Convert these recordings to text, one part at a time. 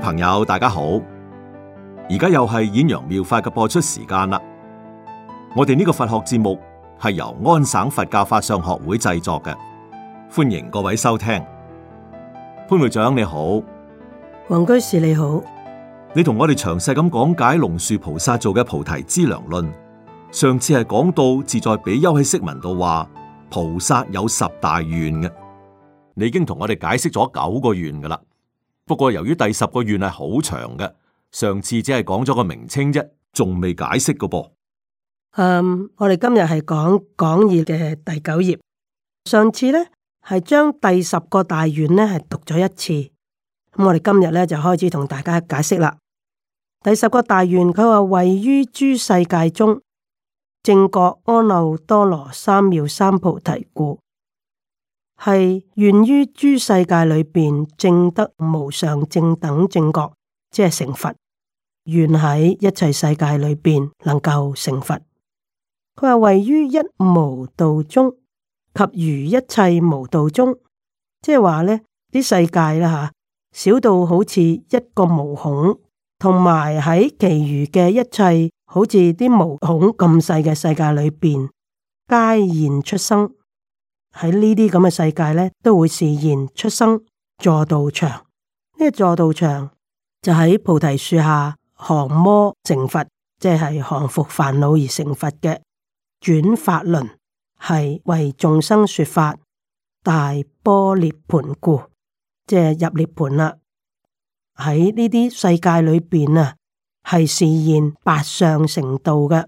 朋友，大家好！而家又係《演陽妙法》嘅播出時間啦。我哋呢個佛學節目係由安省佛教法相學會製作嘅，歡迎各位收聽。潘會長你好，黃居士你好，你同我哋詳細咁講解龍樹菩薩做嘅《菩提資糧論》。上次係講到自在比丘喺釋文度話菩薩有十大願嘅，你已經同我哋解釋咗九個願噶啦。不過由於第十個願係好長嘅，上次只係講咗個名稱啫，仲未解釋嘅噃。嗯，我哋今日係講講義嘅第九頁，上次咧係將第十個大願咧係讀咗一次，咁我哋今日咧就開始同大家解釋啦。第十個大願，佢話位於諸世界中正覺阿耨多羅三藐三菩提故。係願於諸世界裏邊證得無上正等正覺，即係成佛。願喺一切世界裏邊能夠成佛。佢話位於一無道中及如一切無道中，即係話呢啲世界啦吓，啊，小到好似一個毛孔，同埋喺其餘嘅一切好似啲毛孔咁細嘅世界裏邊皆現出生。喺呢啲咁嘅世界咧，都會示現出生坐道場。呢、這個坐道場就喺菩提樹下降魔成佛，即係降伏煩惱而成佛嘅轉法輪，係為眾生說法。大般涅槃故，即係入涅盤啦。喺呢啲世界裏邊啊，係示現八相成道嘅。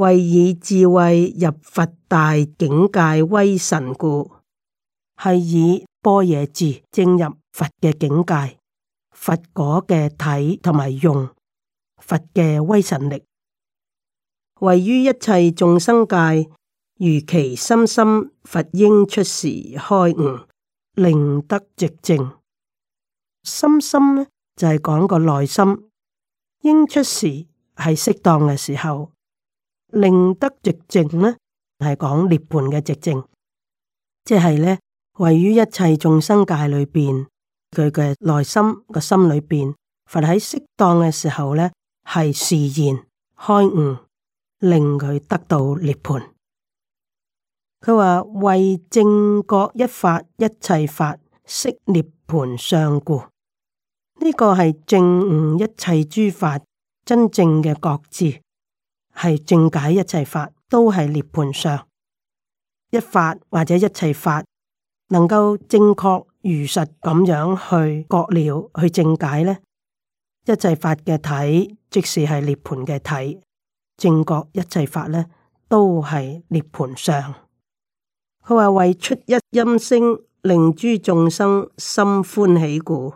為以智慧入佛大境界威神故，係以般若住正入佛嘅境界，佛果嘅體同埋用，佛嘅威神力，位於一切眾生界，如其心心，佛應出時開悟，令得直證。心心呢就係、是、講個內心，應出時係適當嘅時候。令得寂靜呢？係講涅槃嘅寂靜，即係呢，位於一切眾生界裏邊，佢嘅內心個心裏邊，佛喺適當嘅時候呢，係示現開悟，令佢得到涅槃。佢話為正覺一法，一切法悉涅槃相故，呢、這個係正悟一切諸法真正嘅覺知。係正解一切法都係涅槃上一法，或者一切法能夠正確如實咁樣去覺了，去正解呢一切法嘅體，即使是係涅槃嘅體，正覺一切法呢都係涅槃上。佢話為出一音聲，令諸眾生心歡喜故，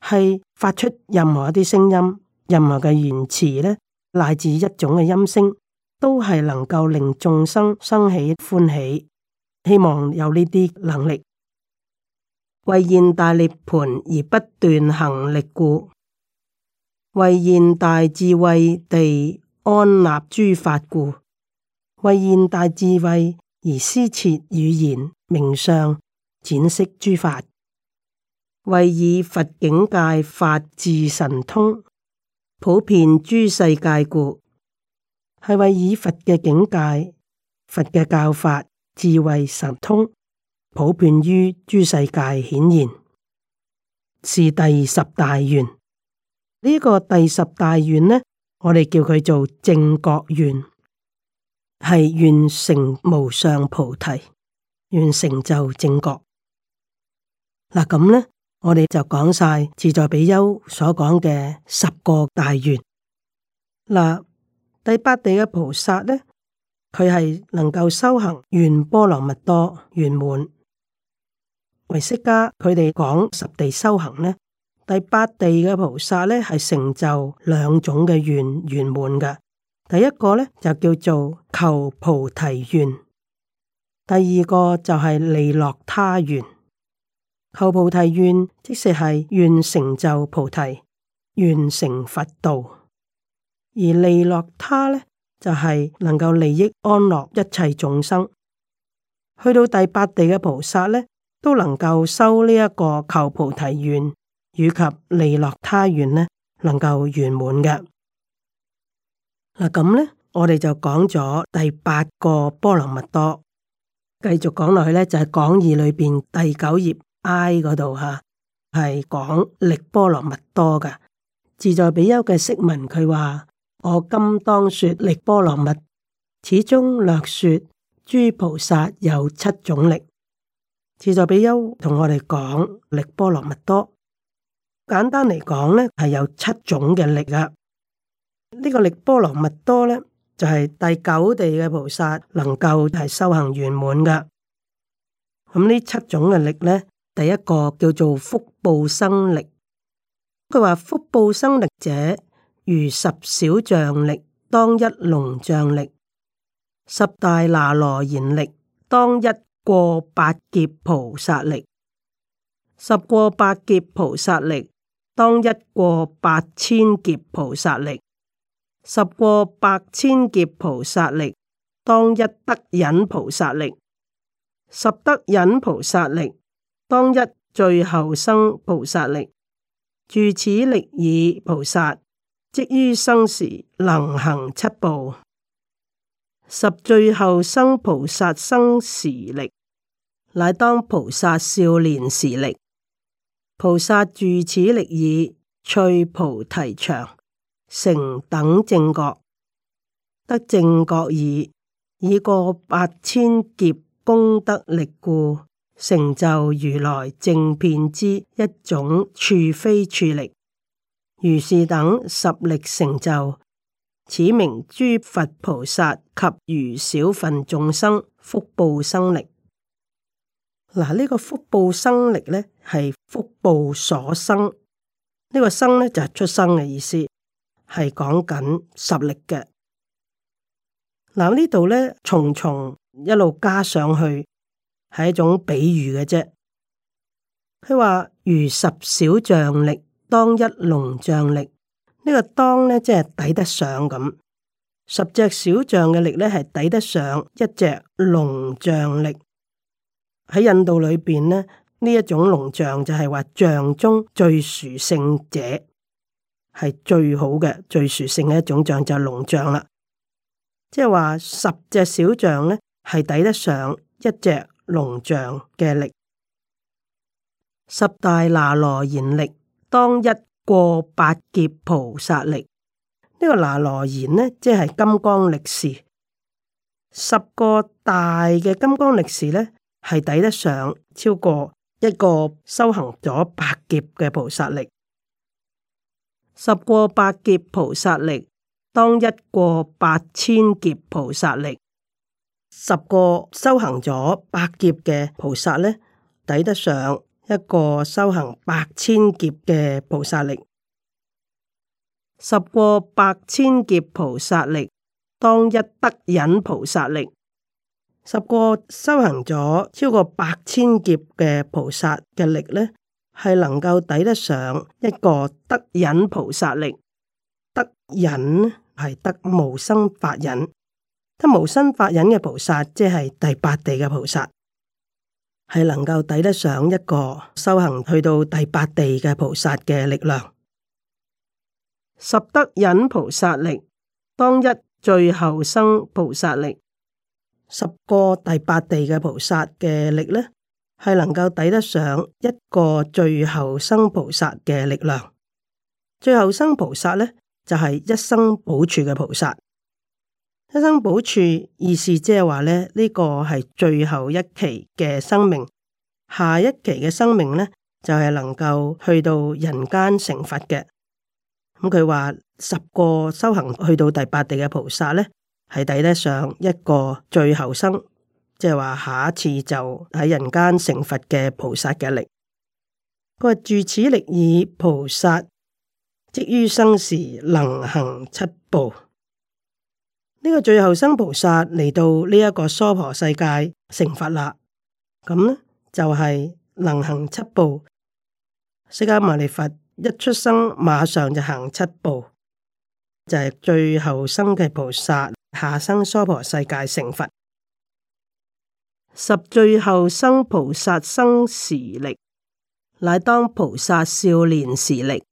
係發出任何一啲聲音，任何嘅言詞呢。乃至一種嘅音聲，都係能夠令眾生生起歡喜。希望有呢啲能力，為現大涅槃而不斷行力故，為現大智慧地安立諸法故，為現大智慧而施設語言名相，展示諸法，為以佛境界法智神通。普遍諸世界故，係為以佛嘅境界、佛嘅教法、智慧神通，普遍於諸世界顯現，是第十大願。呢、這、一個第十大願呢，我哋叫佢做正覺願，係願成無上菩提，願成就正覺。嗱、啊、咁呢？我哋就講晒自在比丘所講嘅十個大願。嗱，第八地嘅菩薩呢，佢係能夠修行願波羅蜜多圓滿。唯識家佢哋講十地修行呢，第八地嘅菩薩呢係成就兩種嘅願圓滿嘅。第一個呢，就叫做求菩提願，第二個就係利樂他願。求菩提願，即是係願成就菩提，願成佛道；而利樂他呢，就係、是、能夠利益安樂一切眾生。去到第八地嘅菩薩呢，都能夠修呢一個求菩提願以及利樂他願呢，能夠圓滿嘅。嗱、啊、咁呢，我哋就講咗第八個波羅蜜多，繼續講落去呢，就係、是、講義裏邊第九頁。I 嗰度吓係講力波羅蜜多嘅自在比丘嘅釋文，佢話，我今當說力波羅蜜，始終略說諸菩薩有七種力。自在比丘同我哋講力波羅蜜多，簡單嚟講呢係有七種嘅力啊。呢個力波羅蜜多呢，就係第九地嘅菩薩能夠係修行圓滿噶。咁呢七種嘅力呢，第一個叫做福報生力，佢話福報生力者，如十小象力當一龍象力，十大那羅延力當一過百劫菩薩力，十過百劫菩薩力當一過百千劫菩薩力，十過百千劫菩薩力當一得忍菩薩力，十得忍菩薩力。當一最後生菩薩力，住此力以菩薩，即於生時能行七步。十最後生菩薩生時力，乃當菩薩少年時力。菩薩住此力以趣菩提場，成等正覺，得正覺已。已過八千劫功德力故。成就如來正遍知一種處非處力，如是等十力成就，此名諸佛菩薩及如小分眾生福報生力。嗱，呢個福報生力呢係福報所生。呢、呢個生呢就係出生嘅意思，係講緊十力嘅。嗱，呢度呢重重，一路加上去。係一種比喻嘅啫，佢話如十小象力當一龍象力，呢個當呢即係抵得上咁，十隻小象嘅力呢係抵得上一隻龍象力。喺印度裏邊呢，呢一種龍象就係話象中最殊勝者，係最好嘅最殊勝嘅一種象就係龍象啦。即係話十隻小象呢係抵得上一隻。龍象嘅力，十大那羅延力當一個百劫菩薩力，呢、這個那羅延呢，即係金剛力士，十個大嘅金剛力士呢，係抵得上超過一個修行咗百劫嘅菩薩力，十個百劫菩薩力當一個百千劫菩薩力。十個修行咗百劫嘅菩薩呢，抵得上一個修行百千劫嘅菩薩力。十個百千劫菩薩力當一得忍菩薩力。十個修行咗超過百千劫嘅菩薩嘅力呢，係能夠抵得上一個得忍菩薩力。得忍係得無生法忍。得無生法忍嘅菩薩，即係第八地嘅菩薩，係能夠抵得上一個修行去到第八地嘅菩薩嘅力量。十得忍菩薩力，當一最後生菩薩力，十個第八地嘅菩薩嘅力呢，係能夠抵得上一個最後生菩薩嘅力量。最後生菩薩呢，就係、是、一生補處嘅菩薩。一生補處，意思即係話呢個係最後一期嘅生命，下一期嘅生命呢，就係、是、能夠去到人間成佛嘅。咁佢話十個修行去到第八地嘅菩薩呢，係抵得上一個最後生，即係話下一次就喺人間成佛嘅菩薩嘅力。佢話住此力已，菩薩即於生時能行七步。呢個最後生菩薩嚟到呢一個娑婆世界成佛啦，咁呢就係能行七步。釋迦牟尼佛一出生馬上就行七步，就係最後生嘅菩薩下生娑婆世界成佛。十最後生菩薩生時力，乃當菩薩少年時力。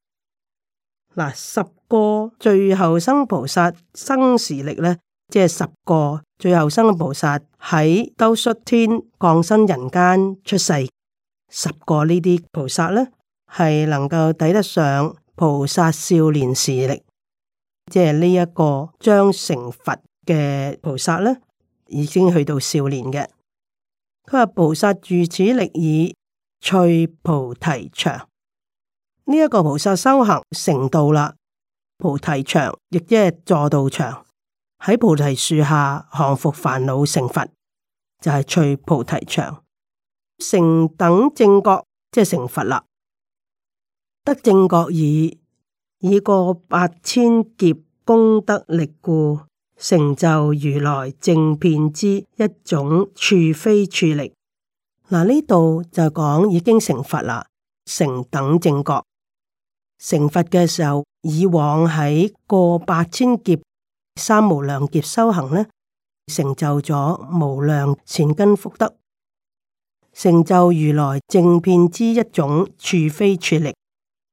嗱，十個最後生菩薩生時力呢。即係十個最後生嘅菩薩喺兜率天降生人間出世，十個呢啲菩薩呢，係能夠抵得上菩薩少年時力，即係呢一個將成佛嘅菩薩呢，已經去到少年嘅。佢話菩薩住此力以趣菩提場，呢、這、一個菩薩修行成道啦，菩提場亦即係助道場。喺菩提樹下降伏煩惱成佛，就係、是、隨菩提場成等正覺，即係成佛啦。得正覺已，以過八千劫功德力故，成就如來正遍知一種處非處力。嗱，呢度就講已經成佛啦，成等正覺成佛嘅時候，以往喺過八千劫。三無量劫修行呢，成就咗無量善根福德，成就如來正遍知之一種處非處力，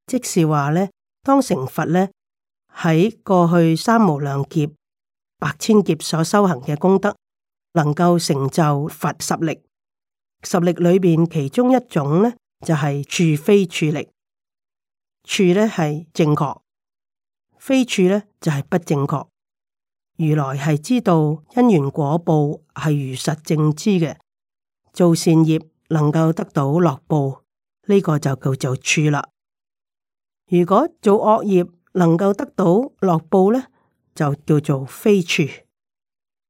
即是話呢，當成佛呢喺過去三無量劫、百千劫所修行嘅功德，能夠成就佛十力，十力裏邊其中一種呢，就係處非處力，處呢係正確，非處呢就係不正確。如來係知道因緣果報係如實正知嘅，做善業能夠得到樂報，呢個就叫做處啦。如果做惡業能夠得到樂報呢，就叫做非處。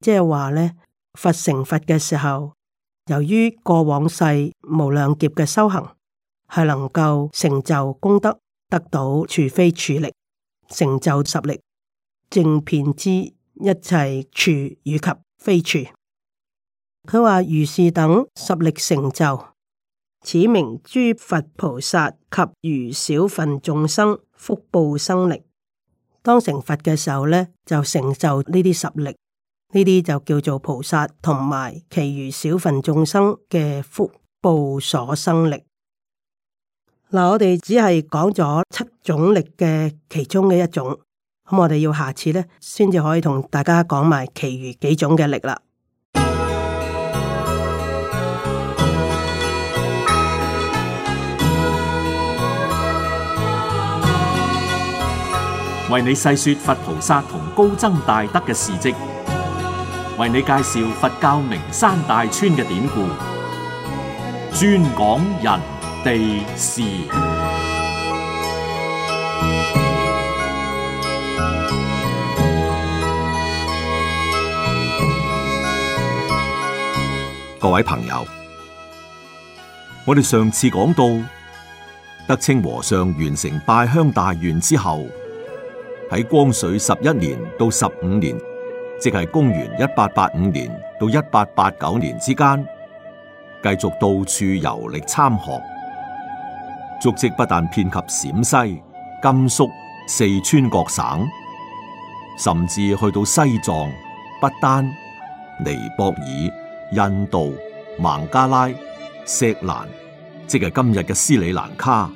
即係話呢，佛成佛嘅時候，由於過往世無量劫嘅修行，係能夠成就功德，得到處非處力成就十力正遍知。一齊切處以及非處，佢話，如是等十力成就，此名諸佛菩薩及餘小分眾生福報生力。當成佛嘅時候咧，就成就呢啲十力，呢啲就叫做菩薩同埋其餘小分眾生嘅福報所生力。嗱，我哋只係講咗七種力嘅其中嘅一種。咁我哋要下次呢，先至可以同大家講埋其餘幾種嘅力啦。為你細說佛菩薩同高僧大德嘅事跡，為你介紹佛教名山大川嘅典故，專講人地事。各位朋友，我哋上次講到，德清和尚完成拜香大願之後，喺光緒十一年到十五年，即係公元一八八五年到一八八九年之間，繼續到處遊歷參學，足跡不但遍及陝西、甘肅、四川各省，甚至去到西藏、不丹、尼泊爾。印度、孟加拉、錫蘭，即係今日嘅斯里蘭卡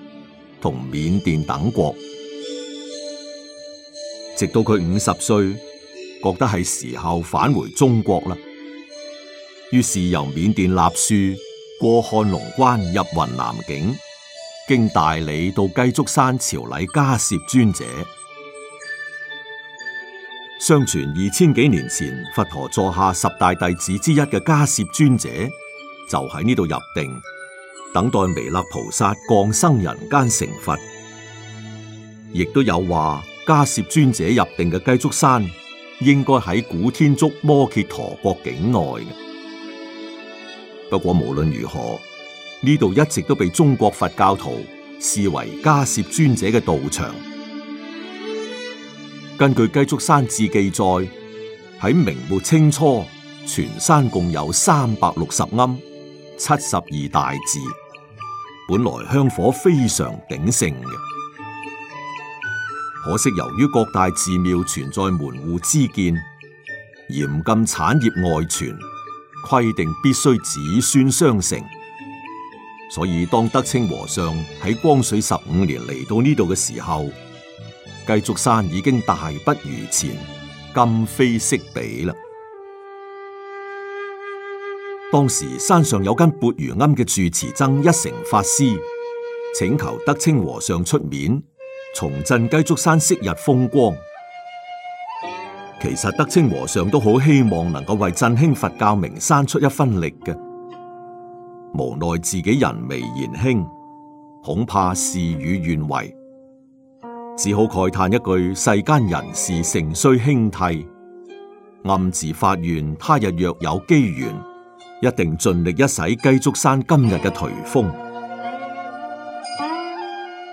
同緬甸等國，直到佢五十歲，覺得係時候返回中國啦。於是由緬甸立書過漢龍關入雲南境，經大理到雞足山朝禮迦葉尊者。相傳二千幾年前，佛陀座下十大弟子之一嘅迦葉尊者就喺呢度入定，等待彌勒菩薩降生人間成佛。亦都有話，迦葉尊者入定嘅雞足山應該喺古天竺摩揭陀國境內。不過無論如何，呢度一直都被中國佛教徒視為迦葉尊者嘅道場。根據雞足山志記載，喺明末清初，全山共有三百六十庵、七十二大寺，本來香火非常鼎盛嘅。可惜由於各大寺廟存在門戶之見，嚴禁產業外傳，規定必須子孫相承，所以當德清和尚喺光緒十五年嚟到呢度嘅時候，雞足山已經大不如前，今非昔比啦。當時山上有間缽盂庵嘅住持僧一成法師，請求德清和尚出面重振雞足山昔日風光。其實德清和尚都好希望能夠為振興佛教名山出一分力嘅，無奈自己人微言輕，恐怕事與願違。只好慨嘆一句：世間人事，誠須警惕。暗自發願，他日若有機緣，一定盡力一洗雞足山今日嘅頹風。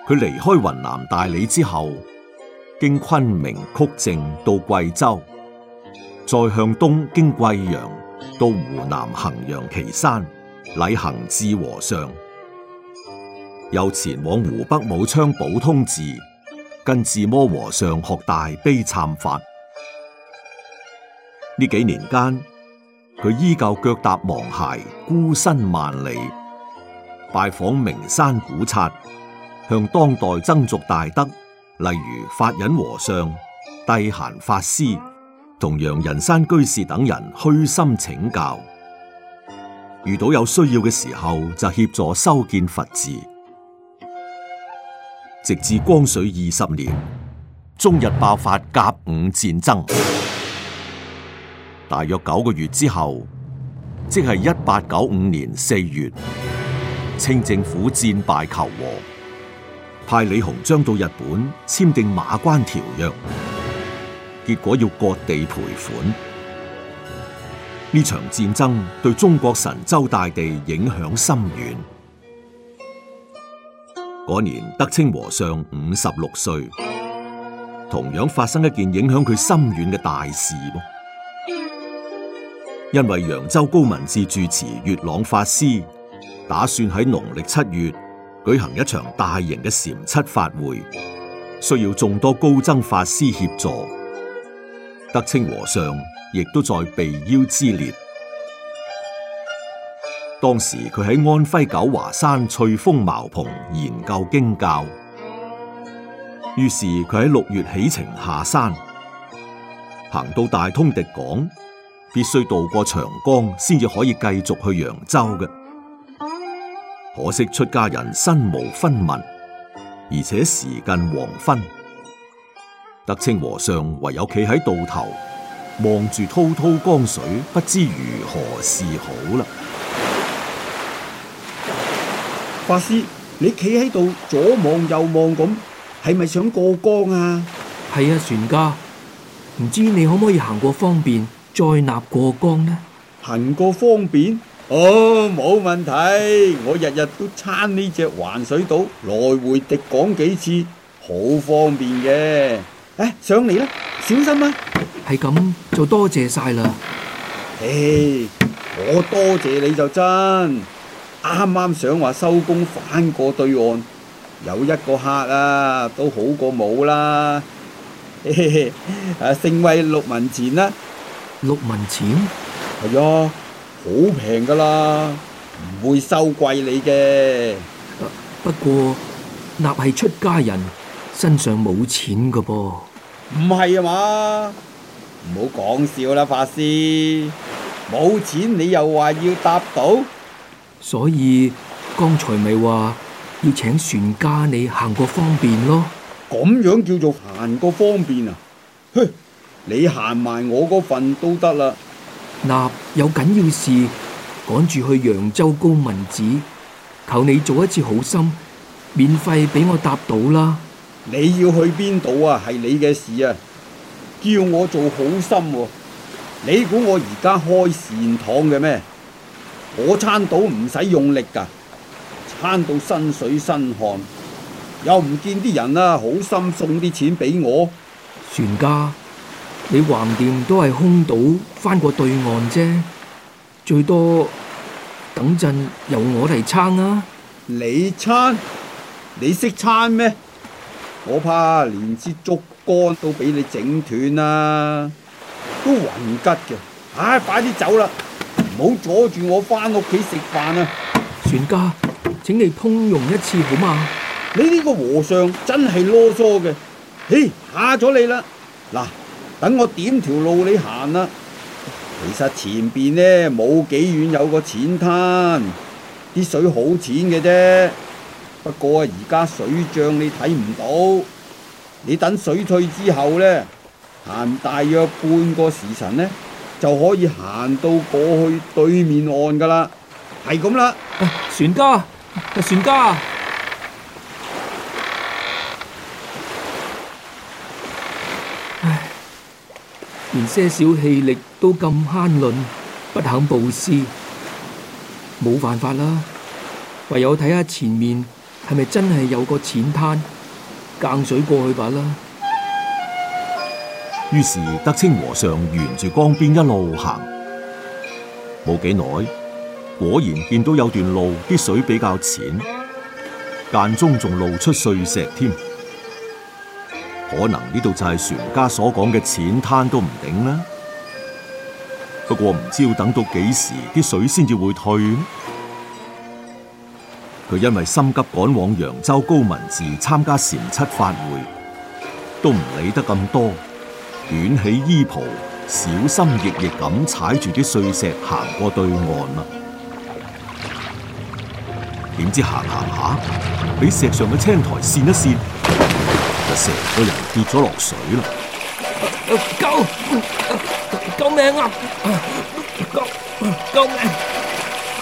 佢離開雲南大理之後，經昆明、曲靖到貴州，再向東經貴陽到湖南衡陽岐山禮恆志和尚，又前往湖北武昌寶通寺。跟自摩和尚學大悲懺法，呢幾年間，佢依舊腳踏芒鞋，孤身萬里，拜訪名山古剎，向當代僧俗大德，例如法忍和尚、諦閑法師同楊仁山居士等人虛心請教。遇到有需要嘅時候，就協助修建佛寺。直至光緒二十年，中日爆發甲午戰爭。大約九個月之後，即係一八九五年四月，清政府戰敗求和，派李鴻章到日本簽訂《馬關條約》，結果要割地賠款。呢場戰爭對中國神州大地影響深遠。嗰年，德清和尚五十六歲，同樣發生一件影響佢深遠嘅大事。因為揚州高旻寺住持月朗法師打算喺農曆七月舉行一場大型嘅禪七法會，需要眾多高僧法師協助，德清和尚亦都在被邀之列。當時佢喺安徽九華山翠峰茅棚研究經教，於是佢喺六月起程下山，行到大通迪港，必須渡過長江先至可以繼續去揚州嘅。可惜出家人身無分文，而且時近黃昏，德清和尚唯有企喺渡頭，望住滔滔江水，不知如何是好啦。法師，你企喺度左望右望咁，係咪想過江啊？係啊，船家，唔知你可唔可以行過方便再納過江呢？行過方便？哦，冇問題，我日日都撐呢隻環水島來回滴講幾次，好方便嘅。誒、哎，上嚟啦，小心啦，啊。係咁就多謝晒啦。誒，我多謝你就真。啱啱想話收工，翻過對岸有一個客啊，都好過冇啦。誒，盛惠六文錢啦，六文錢係啊，好平噶啦，唔會收貴你嘅。不過納係出家人，身上冇錢噶噃，唔係啊嘛？唔好講笑啦，法師，冇錢你又話要搭到？所以剛才咪話要請船家你行個方便咯，咁樣叫做行個方便啊？哼，你行埋我嗰份都得啦。嗱，有緊要事，趕住去揚州高旻寺，求你做一次好心，免費俾我搭到啦。你要去邊度啊？係你嘅事啊！叫我做好心啊，你估我而家開善堂嘅咩？我撐到唔使用力噶，撐到身水身汗，又唔見啲人啦，好心送啲錢俾我。船家，你橫掂都係空島翻過對岸啫，最多等陣由我嚟撐啊！你撐？你識撐咩？我怕連支竹竿都俾你整斷啦，都暈吉嘅，唉、啊，快啲走啦！唔好阻住我翻屋企食飯啊！船家，請你通融一次好嗎？你呢個和尚真係囉嗦嘅，嘿吓咗你啦！嗱，等我點條路你行啦，啊。其實前邊呢冇幾遠有個淺灘，啲水好淺嘅啫。不過而家水漲你睇唔到，你等水退之後呢，行大約半個時辰呢。就可以行到過去對面岸噶啦，係咁啦。船家，船家，唉，連些少氣力都咁慳吝，不肯布施，冇辦法啦。唯有睇下前面係咪真係有個淺灘，更水過去吧啦。於是德清和尚沿住江邊一路行，冇幾耐，果然見到有段路啲水比較淺，間中仲露出碎石添。可能呢度就係船家所講嘅淺灘都唔頂啦。不過唔知要等到幾時啲水先至會退。佢因為心急，趕往揚州高旻寺參加禪七法會，都唔理得咁多。捲起衣袍，小心翼翼咁踩住啲碎石行過對岸啊，點知行行下，俾石上嘅青苔跣一跣，就成個人跌咗落水啦！救！救命啊！救！救命！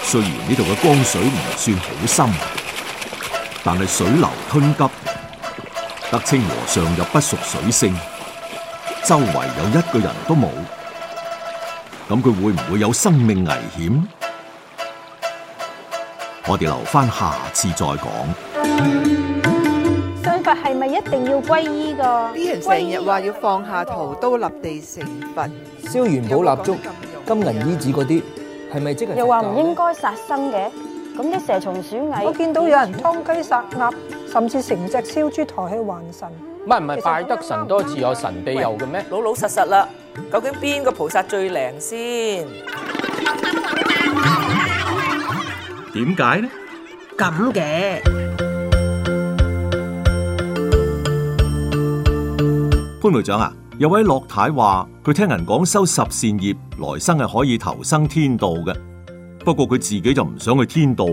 雖然呢度嘅江水唔算好深，但係水流湍急，德清和尚又不熟水性。周圍有一個人都冇，咁佢會唔會有生命危險？我哋留翻下次再講。信佛係咪一定要皈依㗎？啲人成日話要放下屠刀立地成佛，燒元寶蠟燭、金銀衣紙嗰啲，係咪即係？又話唔應該殺生嘅，咁啲蛇蟲鼠蟻，我見到有人劏雞殺鴨，甚至成隻燒豬抬去還神。唔唔係，拜得神多自有神庇佑嘅咩？老老實實啦，究竟邊個菩薩最靈先？點解呢？咁嘅潘會長啊，有位樂太話佢聽人講修十善業，來生係可以投生天道嘅。不過佢自己就唔想去天道，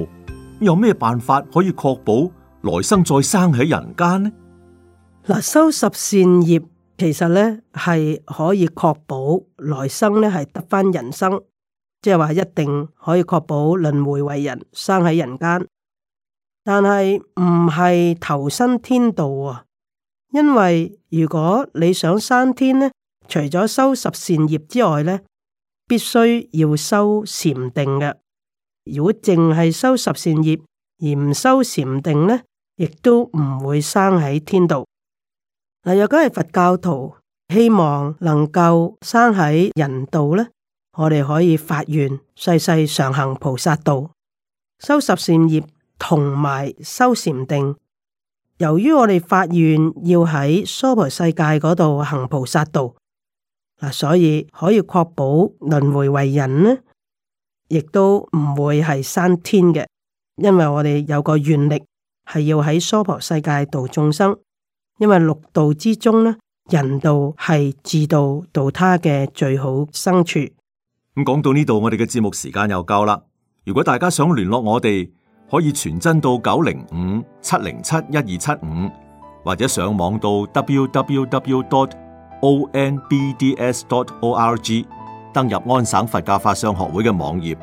有咩辦法可以確保來生再生喺人間呢？嗱，修十善業其實咧係可以確保來生咧係得翻人生，即係話一定可以確保輪回為人生喺人間，但係唔係投身天道啊、哦。因為如果你想生天咧，除咗修十善業之外咧，必須要修禪定嘅。如果淨係修十善業而唔修禪定咧，亦都唔會生喺天道。但若果係佛教徒，希望能夠生喺人道呢，我哋可以發願世世常行菩薩道，修十善業同埋修禪定。由於我哋發願要喺娑婆世界嗰度行菩薩道，嗱，所以可以確保輪回為人呢，亦都唔會係生天嘅，因為我哋有個願力係要喺娑婆世界度眾生。因為六道之中咧，人道係自度度他嘅最好生處。咁講到呢度，我哋嘅節目時間又夠啦。如果大家想聯絡我哋，可以傳真到九零五七零七一二七五，75, 或者上網到 www.onbds.org 登入安省佛教法相學會嘅網頁，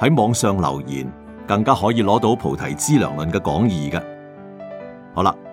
喺網上留言，更加可以攞到《菩提資糧論》嘅講義嘅。好啦。